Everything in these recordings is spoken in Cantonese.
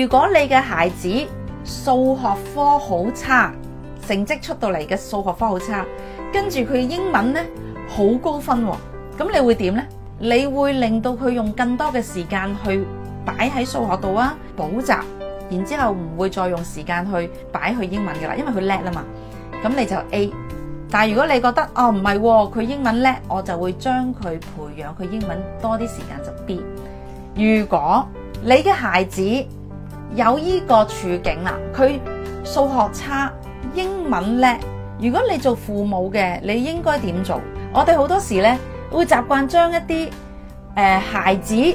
如果你嘅孩子數學科好差，成績出到嚟嘅數學科好差，跟住佢英文呢好高分喎，咁你會點呢？你會令到佢用更多嘅時間去擺喺數學度啊，補習，然之後唔會再用時間去擺去英文噶啦，因為佢叻吖嘛。咁你就 A，但係如果你覺得哦唔係，佢、哦、英文叻，我就會將佢培養佢英文多啲時間就 B。如果你嘅孩子，有依個處境啦，佢數學差，英文叻。如果你做父母嘅，你應該點做？我哋好多時呢會習慣將一啲誒、呃、孩子，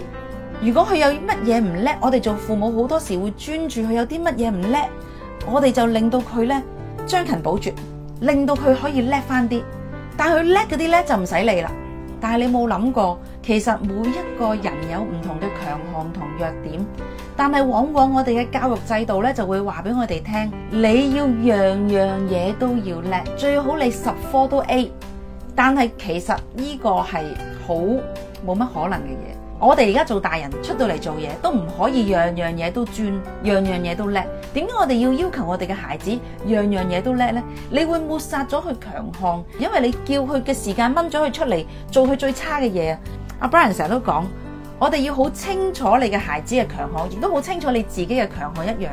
如果佢有乜嘢唔叻，我哋做父母好多時會專注佢有啲乜嘢唔叻，我哋就令到佢呢將勤補拙，令到佢可以叻翻啲。但係佢叻嗰啲咧就唔使理啦。但係你冇諗過，其實每一個人有唔同嘅強項同弱點，但係往往我哋嘅教育制度咧，就會話俾我哋聽，你要樣樣嘢都要叻，最好你十科都 A，但係其實呢個係好冇乜可能嘅嘢。我哋而家做大人出到嚟做嘢都唔可以樣樣嘢都專，樣樣嘢都叻，點解我哋要要求我哋嘅孩子樣樣嘢都叻咧？你會抹殺咗佢強項，因為你叫佢嘅時間掹咗佢出嚟做佢最差嘅嘢啊！阿 Brian 成日都講，我哋要好清楚你嘅孩子嘅強項，亦都好清楚你自己嘅強項一樣。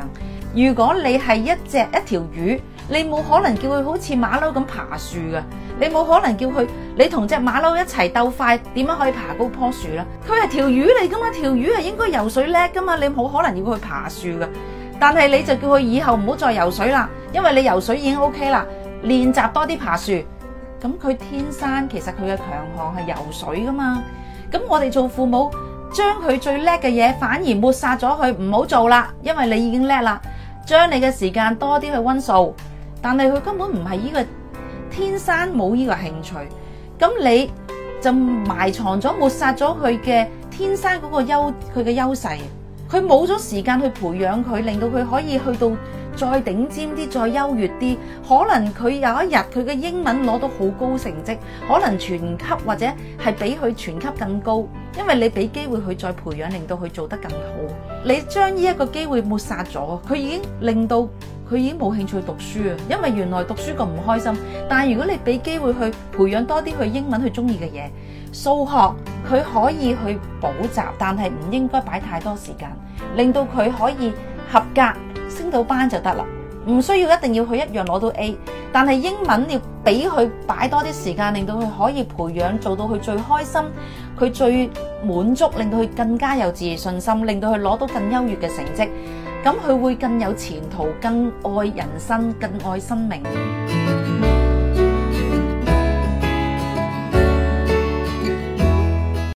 如果你係一隻一條魚。你冇可能叫佢好似馬騮咁爬樹噶，你冇可能叫佢你同隻馬騮一齊鬥快，點樣可以爬高棵樹啦？佢係條魚嚟噶嘛，條魚係應該游水叻噶嘛，你冇可能要佢爬樹噶。但係你就叫佢以後唔好再游水啦，因為你游水已經 OK 啦，練習多啲爬樹。咁佢天生其實佢嘅強項係游水噶嘛。咁我哋做父母將佢最叻嘅嘢反而抹殺咗，佢唔好做啦，因為你已經叻啦，將你嘅時間多啲去溫數。但係佢根本唔係呢個天生冇呢個興趣，咁你就埋藏咗、抹殺咗佢嘅天生嗰個優佢嘅優勢，佢冇咗時間去培養佢，令到佢可以去到再頂尖啲、再優越啲。可能佢有一日佢嘅英文攞到好高成績，可能全級或者係比佢全級更高，因為你俾機會佢再培養，令到佢做得更好。你將呢一個機會抹殺咗，佢已經令到。佢已經冇興趣讀書啊，因為原來讀書咁唔開心。但係如果你俾機會去培養多啲佢英文，佢中意嘅嘢，數學佢可以去補習，但係唔應該擺太多時間，令到佢可以合格升到班就得啦。唔需要一定要佢一樣攞到 A。但係英文要俾佢擺多啲時間，令到佢可以培養做到佢最開心，佢最滿足，令到佢更加有自信心，令到佢攞到更優越嘅成績。咁佢會更有前途，更愛人生，更愛生命。